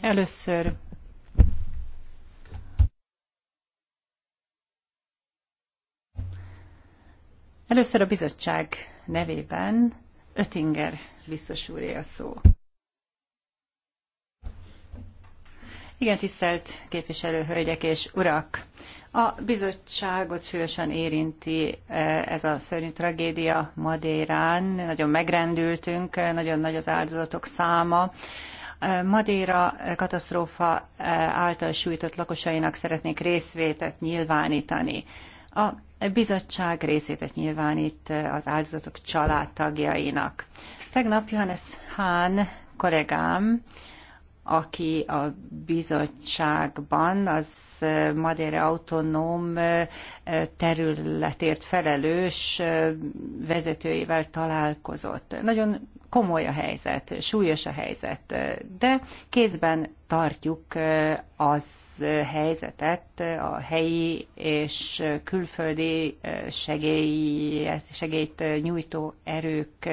Először Először a bizottság nevében Ötinger biztos úré a szó. Igen, tisztelt képviselő hölgyek és urak! A bizottságot súlyosan érinti eh, ez a szörnyű tragédia Madérán. Nagyon megrendültünk, eh, nagyon nagy az áldozatok száma. Madeira katasztrófa e, által sújtott lakosainak szeretnék részvétet nyilvánítani. A bizottság részvétet nyilvánít e, az áldozatok családtagjainak. Tegnap Johannes Hahn kollégám, aki a bizottságban az e, Madeira autonóm területért felelős vezetőivel találkozott. Nagyon komoly a helyzet, súlyos a helyzet, de kézben tartjuk az helyzetet, a helyi és külföldi segélyet, segélyt nyújtó erők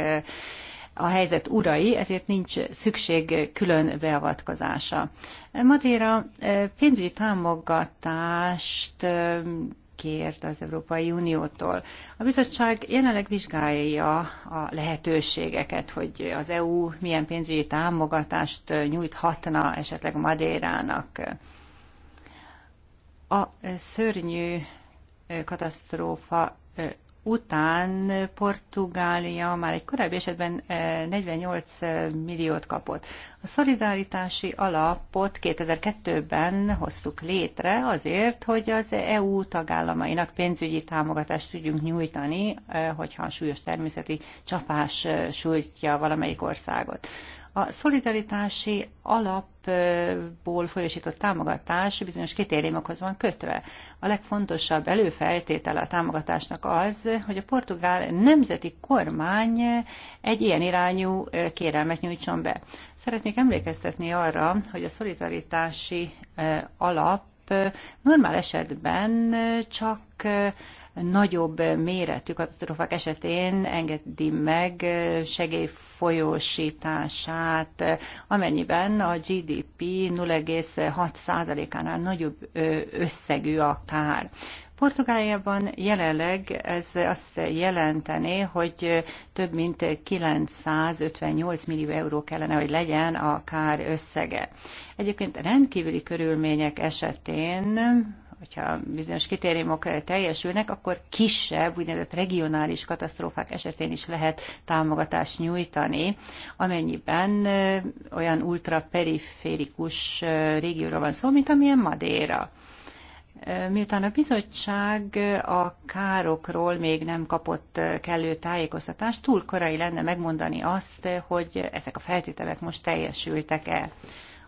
a helyzet urai, ezért nincs szükség külön beavatkozása. Madéra pénzügyi támogatást kért az Európai Uniótól. A bizottság jelenleg vizsgálja a lehetőségeket, hogy az EU milyen pénzügyi támogatást nyújthatna esetleg Madérának. A szörnyű katasztrófa után Portugália már egy korábbi esetben 48 eh, eh, milliót kapott. A szolidaritási alapot 2002-ben hoztuk létre azért, hogy az EU tagállamainak pénzügyi támogatást tudjunk nyújtani, eh, hogyha a súlyos természeti csapás sújtja valamelyik országot. A szolidaritási alapból folyosított támogatás bizonyos kritériumokhoz van kötve. A legfontosabb előfeltétele a támogatásnak az, hogy a portugál nemzeti kormány egy ilyen irányú kérelmet nyújtson be. Szeretnék emlékeztetni arra, hogy a szolidaritási alap normál esetben csak nagyobb méretű katasztrófák esetén engedi meg segélyfolyósítását, folyósítását, amennyiben a GDP 0,6%-ánál nagyobb összegű a kár. Portugáliában jelenleg ez azt jelentené, hogy több mint 958 millió euró kellene, hogy legyen a kár összege. Egyébként rendkívüli körülmények esetén hogyha bizonyos kritériumok teljesülnek, akkor kisebb, úgynevezett regionális katasztrófák esetén is lehet támogatást nyújtani, amennyiben olyan ultraperiférikus régióra van szó, mint amilyen Madeira. Miután a bizottság a károkról még nem kapott kellő tájékoztatást, túl korai lenne megmondani azt, hogy ezek a feltételek most teljesültek-e.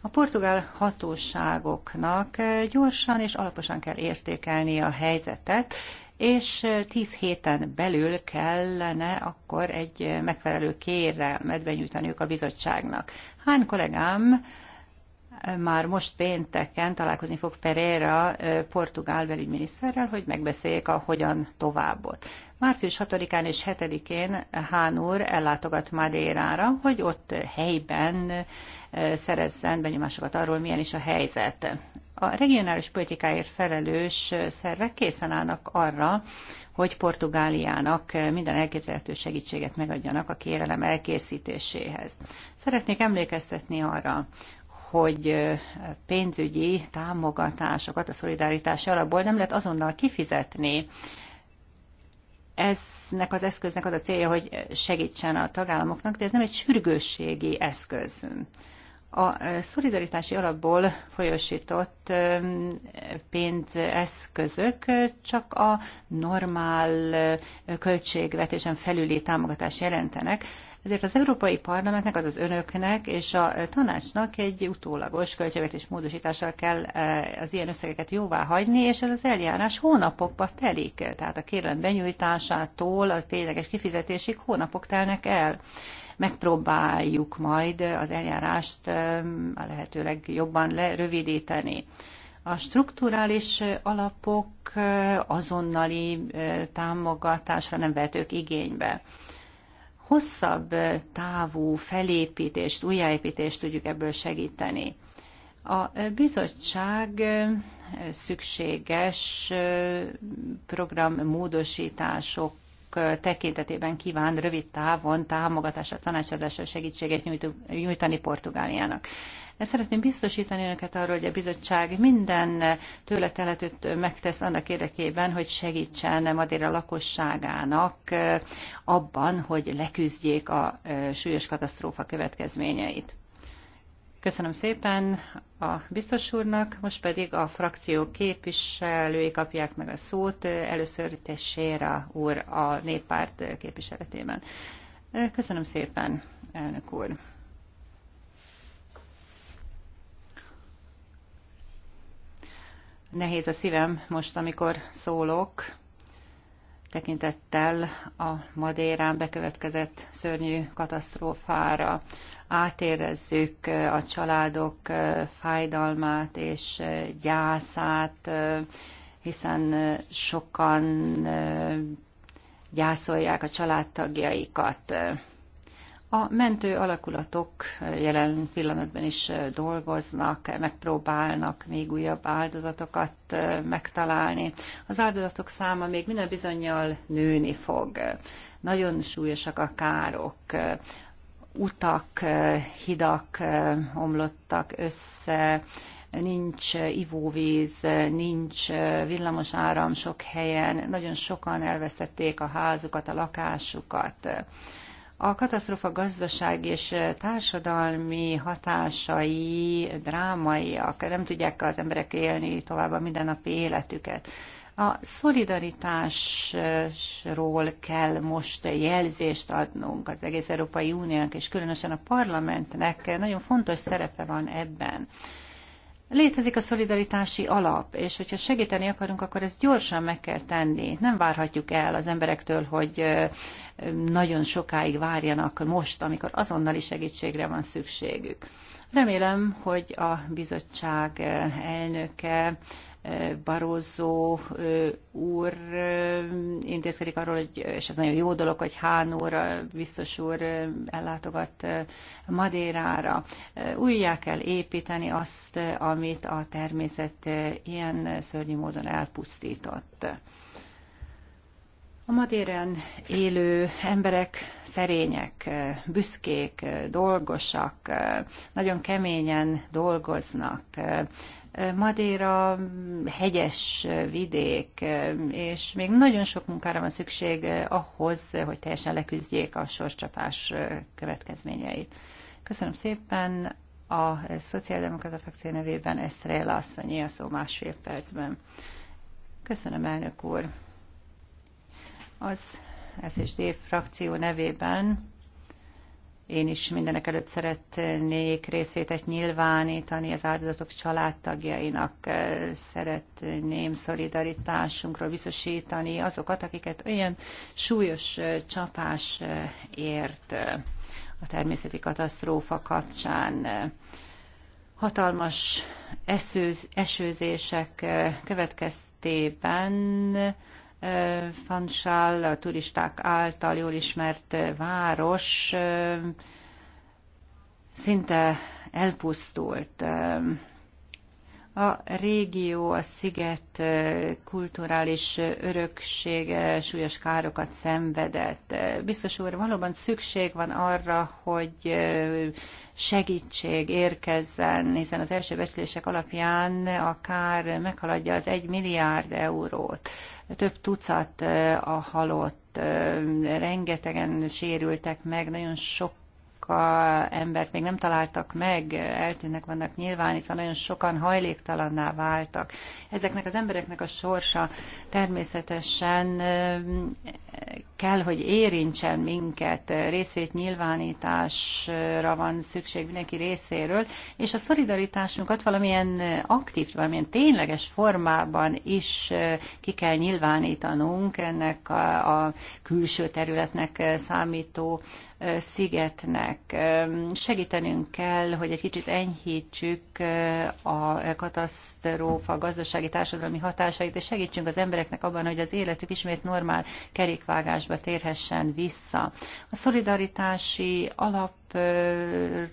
A portugál hatóságoknak gyorsan és alaposan kell értékelni a helyzetet, és tíz héten belül kellene akkor egy megfelelő kérelmet benyújtaniuk a bizottságnak. Hány kollégám már most pénteken találkozni fog Pereira portugál belügyminiszterrel, hogy megbeszéljék a hogyan továbbot. Március 6-án és 7-én Hán úr ellátogat Madérára, hogy ott helyben szerezzen benyomásokat arról, milyen is a helyzet. A regionális politikáért felelős szervek készen állnak arra, hogy Portugáliának minden elképzelhető segítséget megadjanak a kérelem elkészítéséhez. Szeretnék emlékeztetni arra, hogy pénzügyi támogatásokat a szolidaritási alapból nem lehet azonnal kifizetni. Eznek az eszköznek az a célja, hogy segítsen a tagállamoknak, de ez nem egy sürgősségi eszköz. A szolidaritási alapból folyosított pénzeszközök csak a normál költségvetésen felüli támogatást jelentenek, ezért az Európai Parlamentnek, azaz önöknek és a tanácsnak egy utólagos költségvetés módosítással kell az ilyen összegeket jóvá hagyni, és ez az eljárás hónapokba telik. Tehát a kérlem benyújtásától a tényleges kifizetésig hónapok telnek el megpróbáljuk majd az eljárást eh, a lehetőleg jobban lerövidíteni. A strukturális alapok eh, azonnali eh, támogatásra nem vetők igénybe. Hosszabb távú felépítést, újjáépítést tudjuk ebből segíteni. A bizottság szükséges programmódosítások tekintetében kíván rövid távon támogatásra, tanácsadásra segítséget nyújtani Portugáliának. Szeretném biztosítani önöket arról, hogy a bizottság minden tőle telhetőt megtesz annak érdekében, hogy segítsen Madeira lakosságának abban, hogy leküzdjék a súlyos katasztrófa következményeit. Köszönöm szépen a biztos úrnak, most pedig a frakció képviselői kapják meg a szót. Először Tessera úr a néppárt képviseletében. Köszönöm szépen, elnök úr. Nehéz a szívem most, amikor szólok, tekintettel a Madérán bekövetkezett szörnyű katasztrófára átérezzük a családok fájdalmát és gyászát, hiszen sokan gyászolják a családtagjaikat. A mentő alakulatok jelen pillanatban is dolgoznak, megpróbálnak még újabb áldozatokat megtalálni. Az áldozatok száma még minden bizonyal nőni fog. Nagyon súlyosak a károk utak, hidak omlottak össze, nincs ivóvíz, nincs villamos áram sok helyen, nagyon sokan elvesztették a házukat, a lakásukat. A katasztrófa gazdasági és társadalmi hatásai drámaiak, nem tudják az emberek élni tovább a mindennapi életüket. A szolidaritásról kell most jelzést adnunk az egész Európai Uniónak, és különösen a parlamentnek nagyon fontos szerepe van ebben. Létezik a szolidaritási alap, és hogyha segíteni akarunk, akkor ezt gyorsan meg kell tenni. Nem várhatjuk el az emberektől, hogy nagyon sokáig várjanak most, amikor azonnali segítségre van szükségük. Remélem, hogy a bizottság elnöke Barózó úr intézkedik arról, hogy, és ez nagyon jó dolog, hogy Hán úr, biztos úr ellátogat Madérára. Újjá kell építeni azt, amit a természet ilyen szörnyű módon elpusztított. A Madéren élő emberek szerények, büszkék, dolgosak, nagyon keményen dolgoznak, Madéra, hegyes vidék, és még nagyon sok munkára van szükség eh, ahhoz, hogy teljesen leküzdjék a sorscsapás eh, következményeit. Köszönöm szépen a Szociáldemokrata Frakció nevében Esztrella asszonyi a szó másfél percben. Köszönöm, elnök úr. Az SSD frakció nevében én is mindenek előtt szeretnék részvétet nyilvánítani az áldozatok családtagjainak, szeretném szolidaritásunkról biztosítani azokat, akiket olyan súlyos csapás ért a természeti katasztrófa kapcsán. Hatalmas esőzések következtében Fanchal, a turisták által jól ismert város szinte elpusztult a régió, a sziget kulturális öröksége súlyos károkat szenvedett. Biztos úr, valóban szükség van arra, hogy segítség érkezzen, hiszen az első becslések alapján a kár meghaladja az egy milliárd eurót. Több tucat a halott, rengetegen sérültek meg, nagyon sok a embert még nem találtak meg, eltűnnek vannak nyilvánítva, nagyon sokan hajléktalanná váltak. Ezeknek az embereknek a sorsa természetesen kell, hogy érintsen minket, részvét nyilvánításra van szükség mindenki részéről, és a szolidaritásunkat valamilyen aktív, valamilyen tényleges formában is ki kell nyilvánítanunk ennek a, a külső területnek számító szigetnek. Segítenünk kell, hogy egy kicsit enyhítsük a katasztrófa gazdasági társadalmi hatásait, és segítsünk az embereknek abban, hogy az életük ismét normál kerékvágásba térhessen vissza. A szolidaritási alap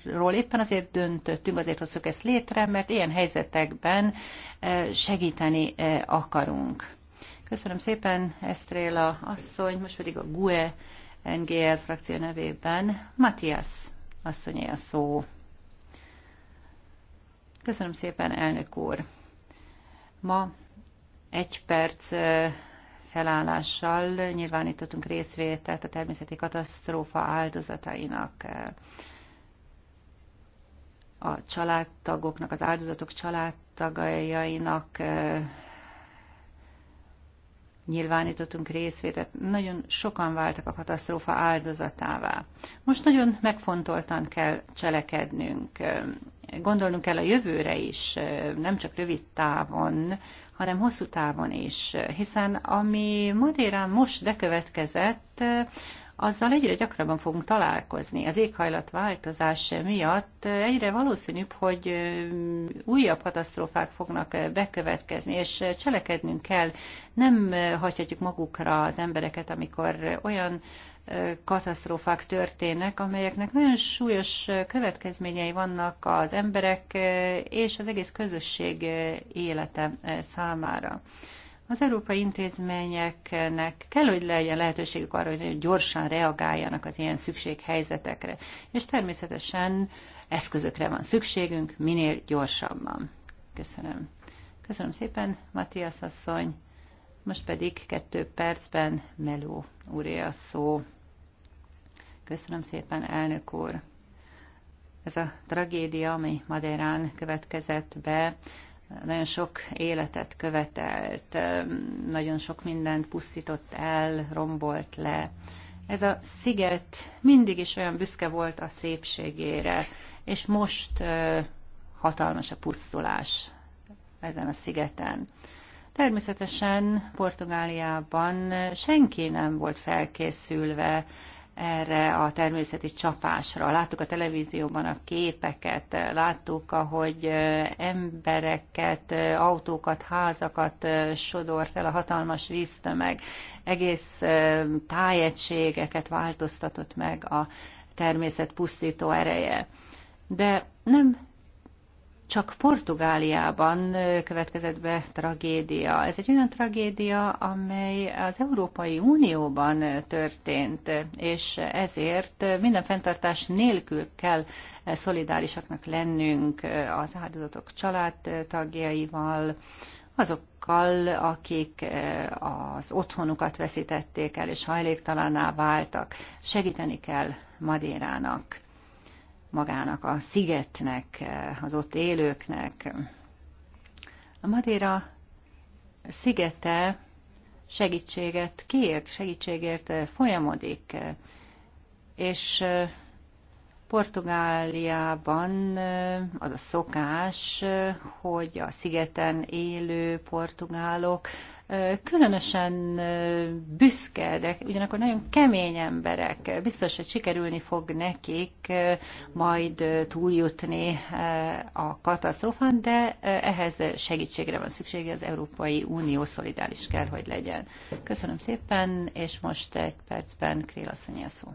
ról éppen azért döntöttünk, azért hoztuk ezt létre, mert ilyen helyzetekben segíteni akarunk. Köszönöm szépen, Esztréla asszony, most pedig a GUE NGL frakció nevében. Matthias asszonyé a szó. Köszönöm szépen, elnök úr. Ma egy perc felállással nyilvánítottunk részvételt a természeti katasztrófa áldozatainak a családtagoknak, az áldozatok családtagjainak nyilvánítottunk részvétet, nagyon sokan váltak a katasztrófa áldozatává. Most nagyon megfontoltan kell cselekednünk, gondolnunk kell a jövőre is, nem csak rövid távon, hanem hosszú távon is, hiszen ami Modérán most bekövetkezett, azzal egyre gyakrabban fogunk találkozni. Az éghajlatváltozás miatt egyre valószínűbb, hogy újabb katasztrófák fognak bekövetkezni, és cselekednünk kell. Nem hagyhatjuk magukra az embereket, amikor olyan katasztrófák történnek, amelyeknek nagyon súlyos következményei vannak az emberek és az egész közösség élete számára. Az európai intézményeknek kell, hogy legyen lehetőségük arra, hogy nagyon gyorsan reagáljanak az ilyen szükséghelyzetekre. És természetesen eszközökre van szükségünk, minél gyorsabban. Köszönöm. Köszönöm szépen, Matthias asszony. Most pedig kettő percben Meló úré a szó. Köszönöm szépen, elnök úr. Ez a tragédia, ami Madeirán következett be, nagyon sok életet követelt, nagyon sok mindent pusztított el, rombolt le. Ez a sziget mindig is olyan büszke volt a szépségére, és most hatalmas a pusztulás ezen a szigeten. Természetesen Portugáliában senki nem volt felkészülve erre a természeti csapásra. Láttuk a televízióban a képeket, láttuk, ahogy embereket, autókat, házakat sodort el a hatalmas víztömeg, egész tájegységeket változtatott meg a természet pusztító ereje. De nem csak Portugáliában következett be tragédia. Ez egy olyan tragédia, amely az Európai Unióban történt, és ezért minden fenntartás nélkül kell szolidárisaknak lennünk az áldozatok családtagjaival, azokkal, akik az otthonukat veszítették el, és hajléktalaná váltak. Segíteni kell Madérának magának a szigetnek, az ott élőknek. A Madéra szigete segítséget kért, segítségért folyamodik, és Portugáliában az a szokás, hogy a szigeten élő portugálok különösen büszke, de ugyanakkor nagyon kemény emberek. Biztos, hogy sikerülni fog nekik majd túljutni a katasztrófán, de ehhez segítségre van szüksége, az Európai Unió szolidáris kell, hogy legyen. Köszönöm szépen, és most egy percben Krél asszony szó.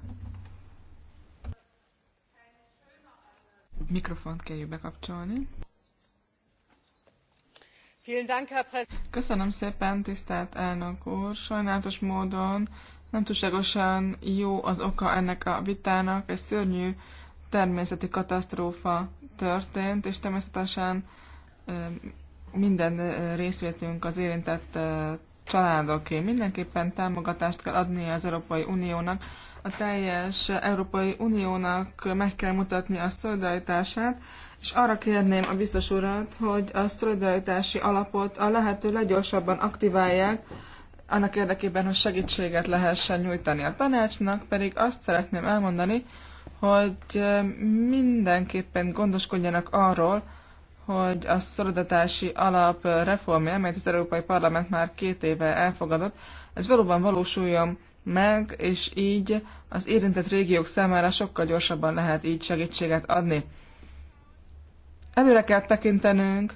Mikrofont kell bekapcsolni. Köszönöm szépen, tisztelt elnök úr. Sajnálatos módon nem túlságosan jó az oka ennek a vitának. Egy szörnyű természeti katasztrófa történt, és természetesen minden részvétünk az érintett családoké. Mindenképpen támogatást kell adni az Európai Uniónak. A teljes Európai Uniónak meg kell mutatni a szolidaritását, és arra kérném a biztos urat, hogy a szolidaritási alapot a lehető leggyorsabban aktiválják, annak érdekében, hogy segítséget lehessen nyújtani a tanácsnak, pedig azt szeretném elmondani, hogy mindenképpen gondoskodjanak arról, hogy a szolidaritási alap reformja, amelyet az Európai Parlament már két éve elfogadott, ez valóban valósuljon meg, és így az érintett régiók számára sokkal gyorsabban lehet így segítséget adni. Előre kell tekintenünk,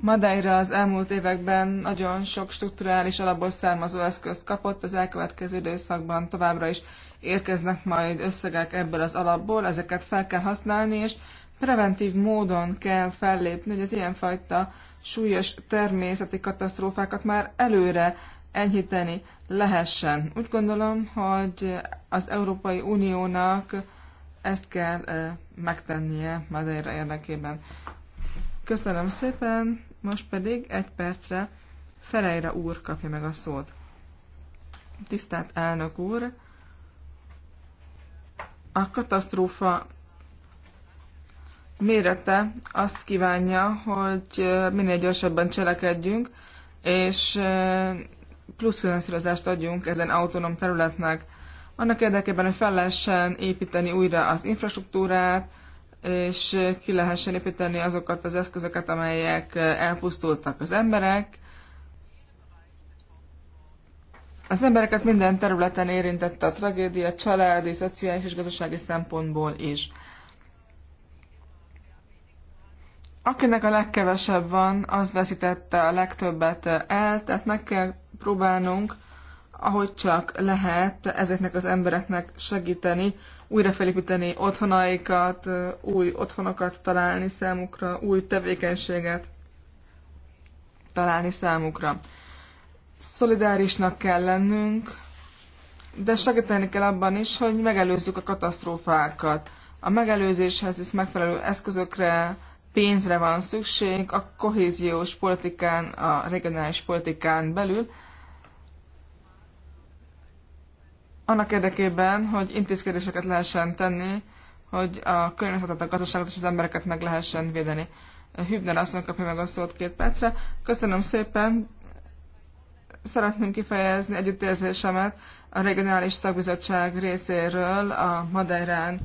Madeira az elmúlt években nagyon sok strukturális alapból származó eszközt kapott, az elkövetkező időszakban továbbra is érkeznek majd összegek ebből az alapból, ezeket fel kell használni, és preventív módon kell fellépni, hogy az ilyenfajta súlyos természeti katasztrófákat már előre enyhíteni lehessen. Úgy gondolom, hogy az Európai Uniónak ezt kell megtennie Madeira érdekében. Köszönöm szépen, most pedig egy percre Ferejre úr kapja meg a szót. Tisztelt elnök úr! A katasztrófa mérete azt kívánja, hogy minél gyorsabban cselekedjünk, és plusz finanszírozást adjunk ezen autonóm területnek. Annak érdekében, hogy fel lehessen építeni újra az infrastruktúrát, és ki lehessen építeni azokat az eszközöket, amelyek elpusztultak az emberek. Az embereket minden területen érintette a tragédia, családi, szociális és gazdasági szempontból is. Akinek a legkevesebb van, az veszítette a legtöbbet el, tehát meg kell próbálnunk, ahogy csak lehet ezeknek az embereknek segíteni, újra felépíteni otthonaikat, új otthonokat találni számukra, új tevékenységet találni számukra. Szolidárisnak kell lennünk, de segíteni kell abban is, hogy megelőzzük a katasztrófákat. A megelőzéshez is megfelelő eszközökre, pénzre van szükség a kohéziós politikán, a regionális politikán belül, annak érdekében, hogy intézkedéseket lehessen tenni, hogy a környezetet, a gazdaságot és az embereket meg lehessen védeni. Hübner asszony kapja meg a szót két percre. Köszönöm szépen. Szeretném kifejezni együttérzésemet a regionális szakbizottság részéről a Madeirán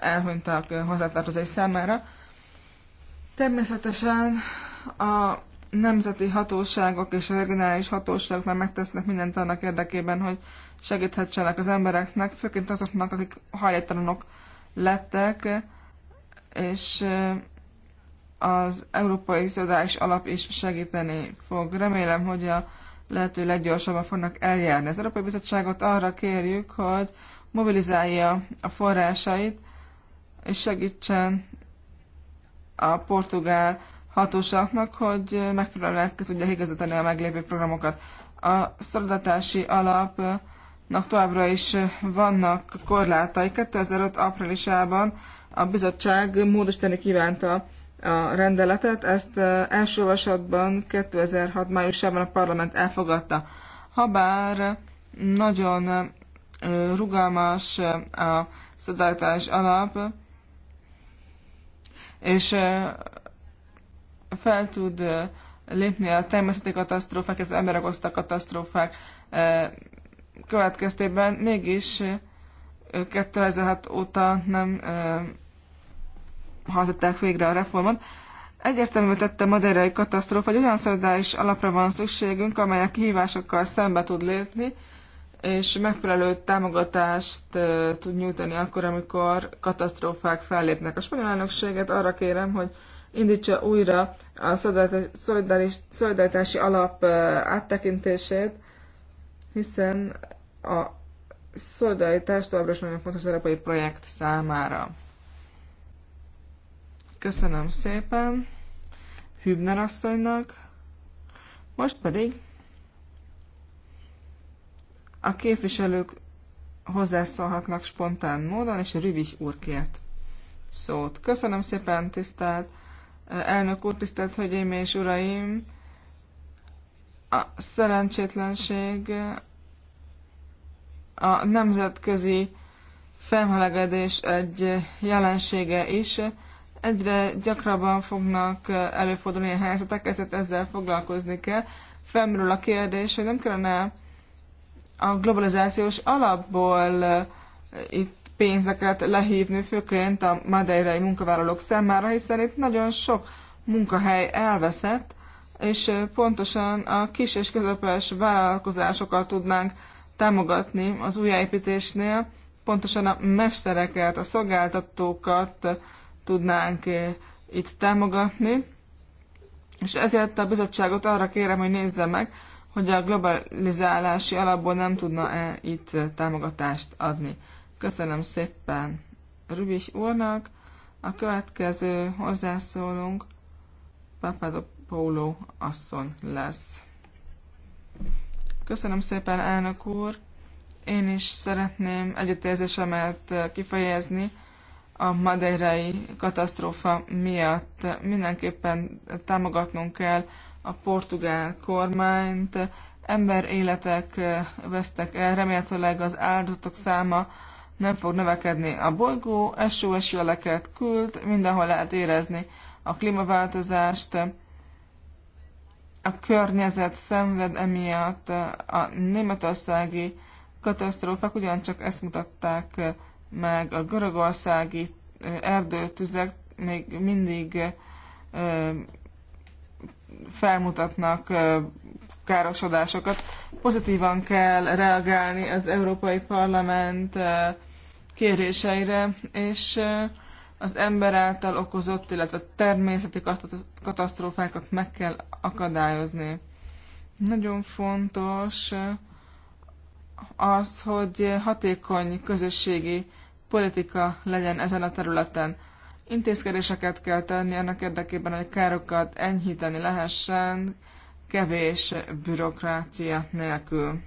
elhunytak hozzátartozás számára. Természetesen a nemzeti hatóságok és a regionális hatóságok már megtesznek mindent annak érdekében, hogy segíthetsenek az embereknek, főként azoknak, akik hajléktalanok lettek, és eh, az Európai Szodás Alap is segíteni fog. Remélem, hogy a lehető leggyorsabban fognak eljárni. Az Európai Bizottságot arra kérjük, hogy mobilizálja a forrásait, és segítsen a portugál hatóságnak, hogy megfelelően tudja higazítani a meglévő programokat. A szolidaritási alapnak továbbra is vannak korlátai. 2005. áprilisában a bizottság módosítani kívánta a rendeletet, ezt eh, első olvasatban 2006. májusában a parlament elfogadta. Habár nagyon eh, rugalmas eh, a szolidaritás alap, és fel tud lépni a természeti katasztrófák, az emberek a katasztrófák következtében, mégis 2006 óta nem hajtották végre a reformot. Egyértelmű tette madeirai katasztrófa, hogy olyan szolidális alapra van szükségünk, amely a kihívásokkal szembe tud lépni, és megfelelő támogatást tud nyújtani akkor, amikor katasztrófák fellépnek. A spanyol elnökséget arra kérem, hogy indítsa újra a szolidaritási alap áttekintését, hiszen a szolidaritás továbbra is nagyon fontos az európai projekt számára. Köszönöm szépen Hübner asszonynak, most pedig a képviselők hozzászólhatnak spontán módon, és Rüvis úr kért szót. Köszönöm szépen, tisztelt elnök úr, tisztelt hölgyeim és uraim! A szerencsétlenség a nemzetközi felmelegedés egy jelensége is. Egyre gyakrabban fognak előfordulni a helyzetek, ezért ezzel foglalkozni kell. Felmerül a kérdés, hogy nem kellene a globalizációs alapból itt pénzeket lehívni, főként a madeirai munkavállalók számára, hiszen itt nagyon sok munkahely elveszett, és pontosan a kis és közepes vállalkozásokat tudnánk támogatni az újjáépítésnél, pontosan a mestereket, a szolgáltatókat tudnánk itt támogatni, és ezért a bizottságot arra kérem, hogy nézze meg, hogy a globalizálási alapból nem tudna-e itt támogatást adni. Köszönöm szépen Rubis úrnak. A következő hozzászólunk Papadopoulou asszon lesz. Köszönöm szépen, elnök úr! Én is szeretném együttérzésemet kifejezni a madeirai katasztrófa miatt. Mindenképpen támogatnunk kell a portugál kormányt, ember életek eh, vesztek el, remélhetőleg az áldozatok száma nem fog növekedni. A bolygó SOS jeleket küld, mindenhol lehet érezni a klímaváltozást, a környezet szenved emiatt, a németországi katasztrófák ugyancsak ezt mutatták eh, meg, a görögországi eh, erdőtüzek még mindig felmutatnak károsodásokat. Pozitívan kell reagálni az Európai Parlament kéréseire, és az ember által okozott, illetve természeti katasztrófákat meg kell akadályozni. Nagyon fontos az, hogy hatékony közösségi politika legyen ezen a területen. Intézkedéseket kell tenni annak érdekében, hogy károkat enyhíteni lehessen kevés bürokrácia nélkül.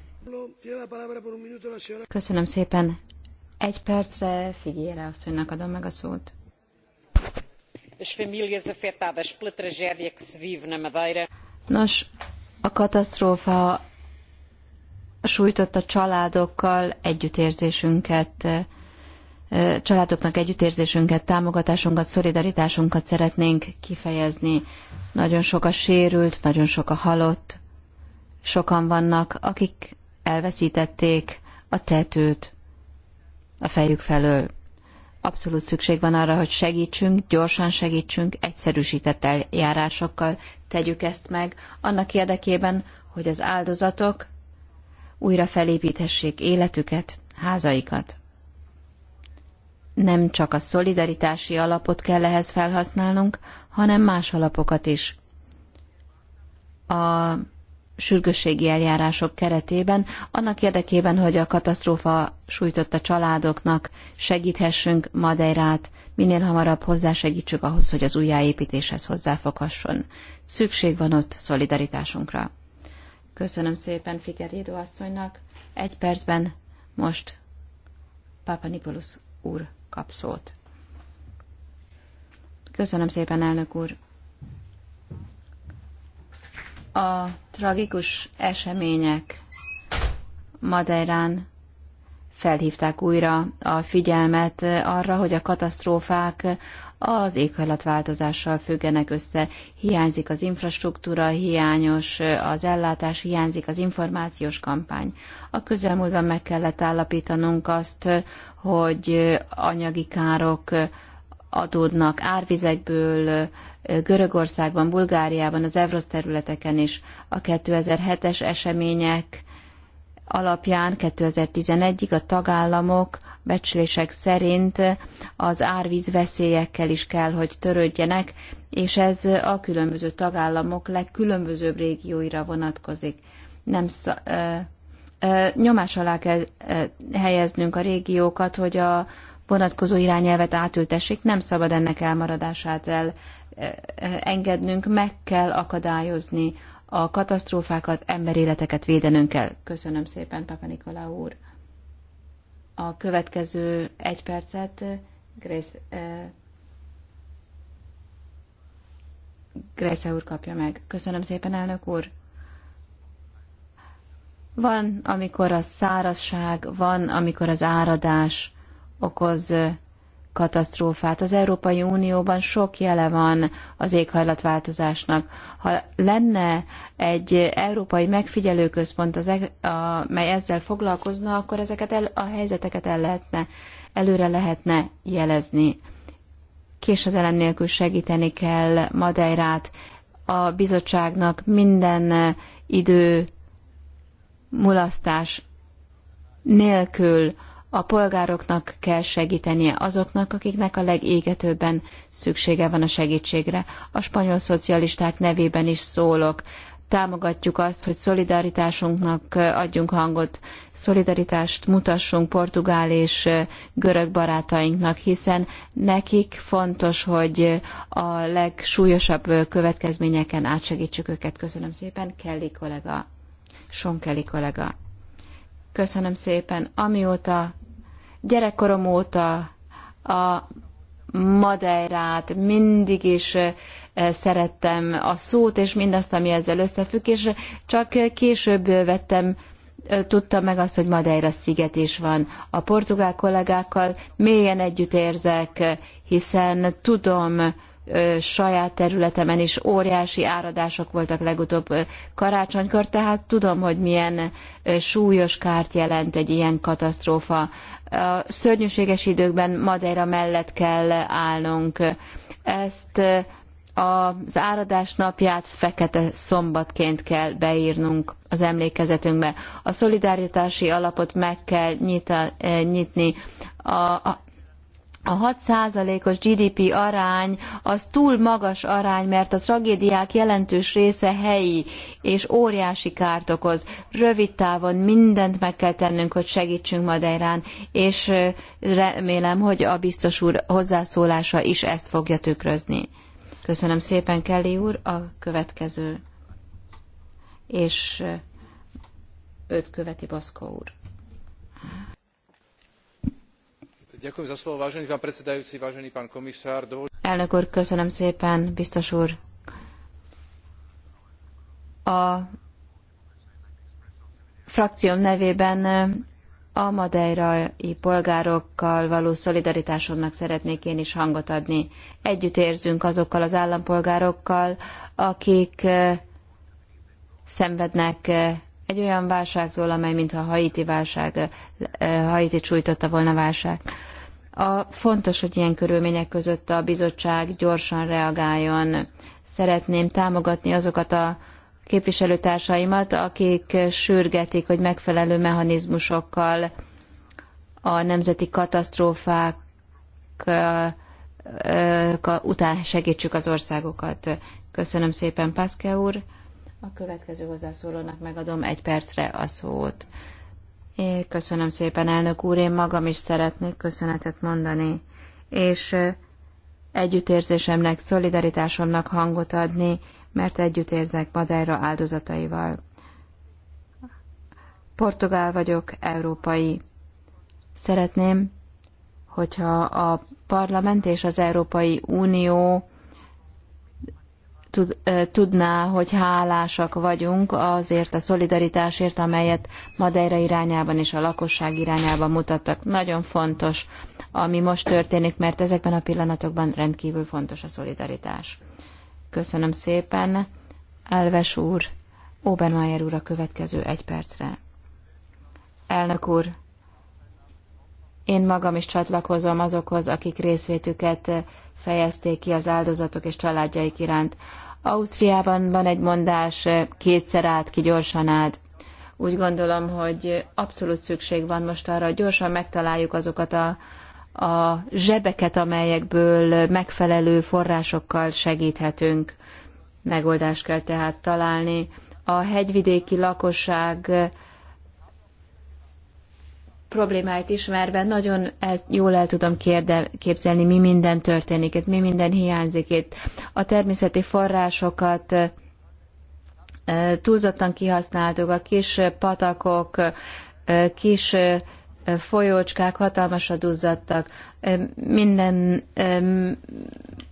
Köszönöm szépen. Egy percre figyelje asszonynak adom meg a szót. Nos, a katasztrófa sújtott a családokkal együttérzésünket családoknak együttérzésünket, támogatásunkat, szolidaritásunkat szeretnénk kifejezni. Nagyon sok a sérült, nagyon sok a halott, sokan vannak, akik elveszítették a tetőt a fejük felől. Abszolút szükség van arra, hogy segítsünk, gyorsan segítsünk, egyszerűsített eljárásokkal tegyük ezt meg, annak érdekében, hogy az áldozatok újra felépíthessék életüket, házaikat nem csak a szolidaritási alapot kell ehhez felhasználnunk, hanem más alapokat is. A sürgősségi eljárások keretében, annak érdekében, hogy a katasztrófa sújtotta családoknak segíthessünk Madeirát, minél hamarabb hozzásegítsük ahhoz, hogy az újjáépítéshez hozzáfoghasson. Szükség van ott szolidaritásunkra. Köszönöm szépen Figyerédő asszonynak. Egy percben most Papa Nipolus úr kap szót. Köszönöm szépen, elnök úr. A tragikus események Madeirán felhívták újra a figyelmet arra, hogy a katasztrófák az éghajlatváltozással függenek össze. Hiányzik az infrastruktúra, hiányos az ellátás, hiányzik az információs kampány. A közelmúltban meg kellett állapítanunk azt, hogy anyagi károk adódnak árvizekből, Görögországban, Bulgáriában, az Evrosz területeken is a 2007-es események alapján 2011-ig a tagállamok becslések szerint az árvíz veszélyekkel is kell, hogy törődjenek, és ez a különböző tagállamok legkülönbözőbb régióira vonatkozik. Nem sz- ö, ö, nyomás alá kell ö, helyeznünk a régiókat, hogy a vonatkozó irányelvet átültessék, nem szabad ennek elmaradását el engednünk, meg kell akadályozni a katasztrófákat, emberéleteket védenünk kell. Köszönöm szépen, Papa Nikola úr a következő egy percet Grace, eh, Grace úr kapja meg. Köszönöm szépen, elnök úr. Van, amikor a szárazság, van, amikor az áradás okoz eh, katasztrófát. Az Európai Unióban sok jele van az éghajlatváltozásnak. Ha lenne egy európai megfigyelőközpont, az, e- mely ezzel foglalkozna, akkor ezeket el, a helyzeteket el lehetne, előre lehetne jelezni. Késedelem nélkül segíteni kell Madeirát. A bizottságnak minden idő mulasztás nélkül a polgároknak kell segítenie azoknak, akiknek a legégetőbben szüksége van a segítségre. A spanyol szocialisták nevében is szólok. Támogatjuk azt, hogy szolidaritásunknak adjunk hangot, szolidaritást mutassunk portugál és görög barátainknak, hiszen nekik fontos, hogy a legsúlyosabb következményeken átsegítsük őket. Köszönöm szépen, Kelly kollega. Sonkeli kollega. Köszönöm szépen. Amióta Gyerekkorom óta a Madeirát mindig is eh, szerettem a szót, és mindazt, ami ezzel összefügg, és csak később vettem eh, tudtam meg azt, hogy Madeira sziget is van. A portugál kollégákkal mélyen együtt érzek, eh, hiszen tudom, saját területemen is óriási áradások voltak legutóbb karácsonykor, tehát tudom, hogy milyen súlyos kárt jelent egy ilyen katasztrófa a szörnyűséges időkben Madeira mellett kell állnunk. Ezt az áradás napját fekete szombatként kell beírnunk az emlékezetünkbe. A szolidaritási alapot meg kell nyita, nyitni, a, a a 6%-os GDP arány az túl magas arány, mert a tragédiák jelentős része helyi és óriási kárt okoz. Rövid távon mindent meg kell tennünk, hogy segítsünk Madeirán, és remélem, hogy a biztos úr hozzászólása is ezt fogja tükrözni. Köszönöm szépen, Kelly úr, a következő. És őt követi Boszkó úr. Elnök úr, köszönöm szépen, biztos úr. A frakcióm nevében a madeirai polgárokkal való szolidaritásomnak szeretnék én is hangot adni. Együtt érzünk azokkal az állampolgárokkal, akik szenvednek egy olyan válságtól, amely mintha Haiti válság, Haiti sújtotta volna válság. A fontos, hogy ilyen körülmények között a bizottság gyorsan reagáljon. Szeretném támogatni azokat a képviselőtársaimat, akik sürgetik, hogy megfelelő mechanizmusokkal a nemzeti katasztrófák után segítsük az országokat. Köszönöm szépen, Pászke úr. A következő hozzászólónak megadom egy percre a szót köszönöm szépen, elnök úr, én magam is szeretnék köszönetet mondani, és együttérzésemnek, szolidaritásomnak hangot adni, mert együtt érzek Madeira áldozataival. Portugál vagyok, európai. Szeretném, hogyha a parlament és az Európai Unió tudná, hogy hálásak vagyunk azért a szolidaritásért, amelyet Madeira irányában és a lakosság irányában mutattak. Nagyon fontos, ami most történik, mert ezekben a pillanatokban rendkívül fontos a szolidaritás. Köszönöm szépen, Elves úr, Obermeier úr a következő egy percre. Elnök úr, én magam is csatlakozom azokhoz, akik részvétüket fejezték ki az áldozatok és családjaik iránt. Ausztriában van egy mondás, eh, kétszer állt ki, gyorsan állt. Úgy gondolom, hogy abszolút szükség van most arra, hogy gyorsan megtaláljuk azokat a, a zsebeket, amelyekből megfelelő forrásokkal segíthetünk. Megoldást kell tehát találni. A hegyvidéki lakosság problémáit ismerve nagyon el, jól el tudom kérde, képzelni, mi minden történik itt, mi minden hiányzik itt. A természeti forrásokat túlzottan kihasználtuk, a kis patakok, kis folyócskák hatalmasra duzzadtak. Minden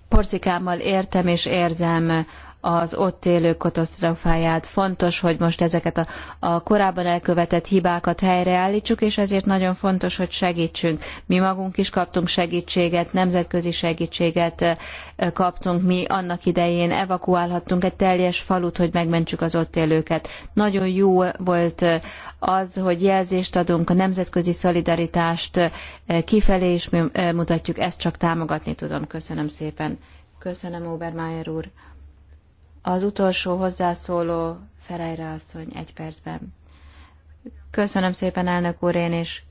porcikámmal értem és érzem az ott élők katasztrofáját. Fontos, hogy most ezeket a, a korábban elkövetett hibákat helyreállítsuk, és ezért nagyon fontos, hogy segítsünk. Mi magunk is kaptunk segítséget, nemzetközi segítséget kaptunk. Mi annak idején evakuálhattunk egy teljes falut, hogy megmentsük az ott élőket. Nagyon jó volt az, hogy jelzést adunk, a nemzetközi szolidaritást kifelé is mutatjuk, ezt csak támogatni tudom. Köszönöm szépen. Köszönöm, Obermeier úr. Az utolsó hozzászóló Ferejre asszony egy percben. Köszönöm szépen, elnök úr, én is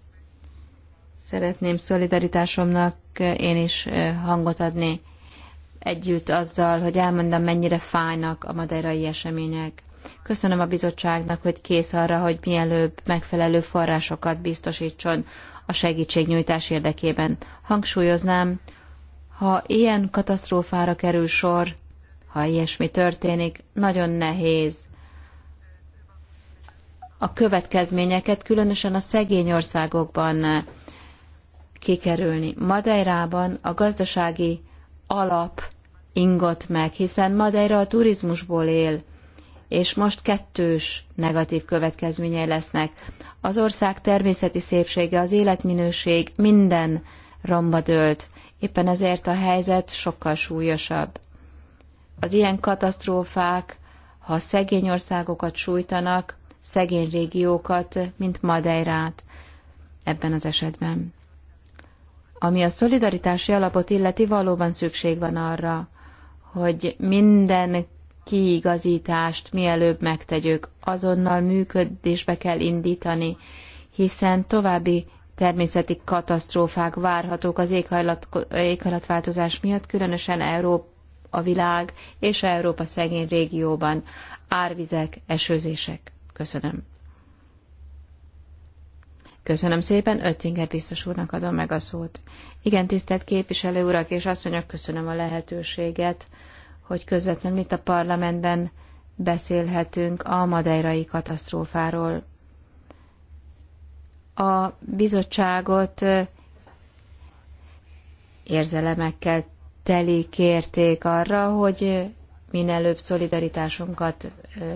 szeretném szolidaritásomnak eh, én is eh, hangot adni együtt azzal, hogy elmondom, mennyire fájnak a madeirai események. Köszönöm a bizottságnak, hogy kész arra, hogy mielőbb megfelelő forrásokat biztosítson a segítségnyújtás érdekében. Hangsúlyoznám, ha ilyen katasztrófára kerül sor, ha ilyesmi történik, nagyon nehéz a következményeket, különösen a szegény országokban eh, kikerülni. Madeirában a gazdasági alap ingott meg, hiszen Madeira a turizmusból él, és most kettős negatív következményei lesznek. Az ország természeti szépsége, az életminőség minden romba dőlt, éppen ezért a helyzet sokkal súlyosabb. Az ilyen katasztrófák, ha szegény országokat sújtanak, szegény régiókat, mint Madeirát ebben az esetben. Ami a szolidaritási alapot illeti, valóban szükség van arra, hogy minden kiigazítást mielőbb megtegyük, azonnal működésbe kell indítani, hiszen további természeti katasztrófák várhatók az éghajlat, éghajlatváltozás miatt, különösen Európa a világ és Európa szegény régióban. Árvizek, esőzések. Köszönöm. Köszönöm szépen, Öttinger biztos úrnak adom meg a szót. Igen, tisztelt képviselő urak és asszonyok, köszönöm a lehetőséget, hogy közvetlenül itt a parlamentben beszélhetünk a madeirai katasztrófáról. A bizottságot érzelemekkel teli kérték arra, hogy minelőbb szolidaritásunkat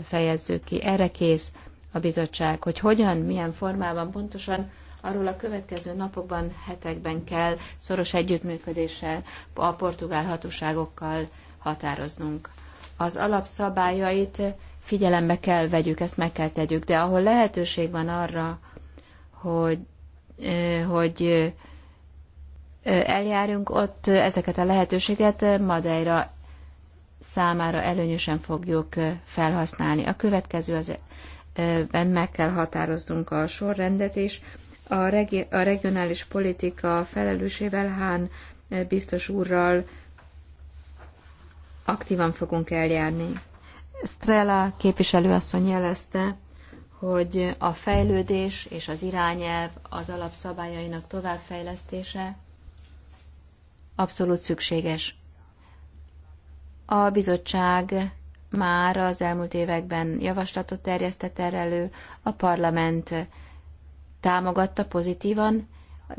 fejezzük ki. Erre kész a bizottság, hogy hogyan, milyen formában pontosan arról a következő napokban, hetekben kell szoros együttműködéssel a portugál hatóságokkal határoznunk. Az alapszabályait figyelembe kell vegyük, ezt meg kell tegyük, de ahol lehetőség van arra, hogy, hogy Eljárunk ott ezeket a lehetőséget Madeira számára előnyösen fogjuk felhasználni. A következő az ben meg kell határoznunk a sorrendet, és a, regi- a regionális politika felelősével Hán biztos úrral aktívan fogunk eljárni. Strela képviselőasszony jelezte, hogy a fejlődés és az irányelv az alapszabályainak továbbfejlesztése abszolút szükséges. A bizottság már az elmúlt években javaslatot terjesztett erre elő, a parlament támogatta pozitívan,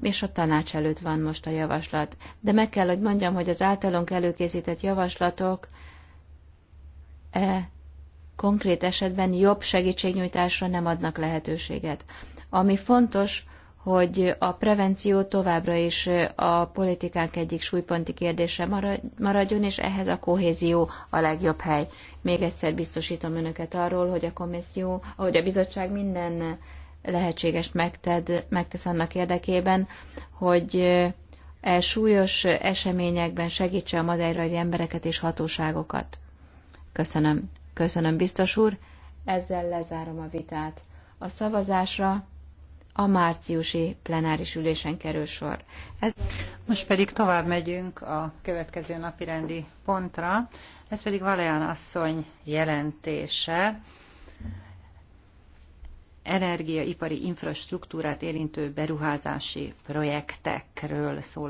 és a tanács előtt van most a javaslat. De meg kell, hogy mondjam, hogy az általunk előkészített javaslatok e, konkrét esetben jobb segítségnyújtásra nem adnak lehetőséget. Ami fontos, hogy a prevenció továbbra is a politikánk egyik súlyponti kérdése maradjon, és ehhez a kohézió a legjobb hely. Még egyszer biztosítom önöket arról, hogy a komisszió, hogy a bizottság minden lehetséges megted, megtesz annak érdekében, hogy e súlyos eseményekben segítse a madeirai embereket és hatóságokat. Köszönöm. Köszönöm, biztos úr. Ezzel lezárom a vitát. A szavazásra a márciusi plenáris ülésen kerül sor. Ez... Most pedig tovább megyünk a következő napi rendi pontra, ez pedig Valéan asszony jelentése, energiaipari infrastruktúrát érintő beruházási projektekről szól.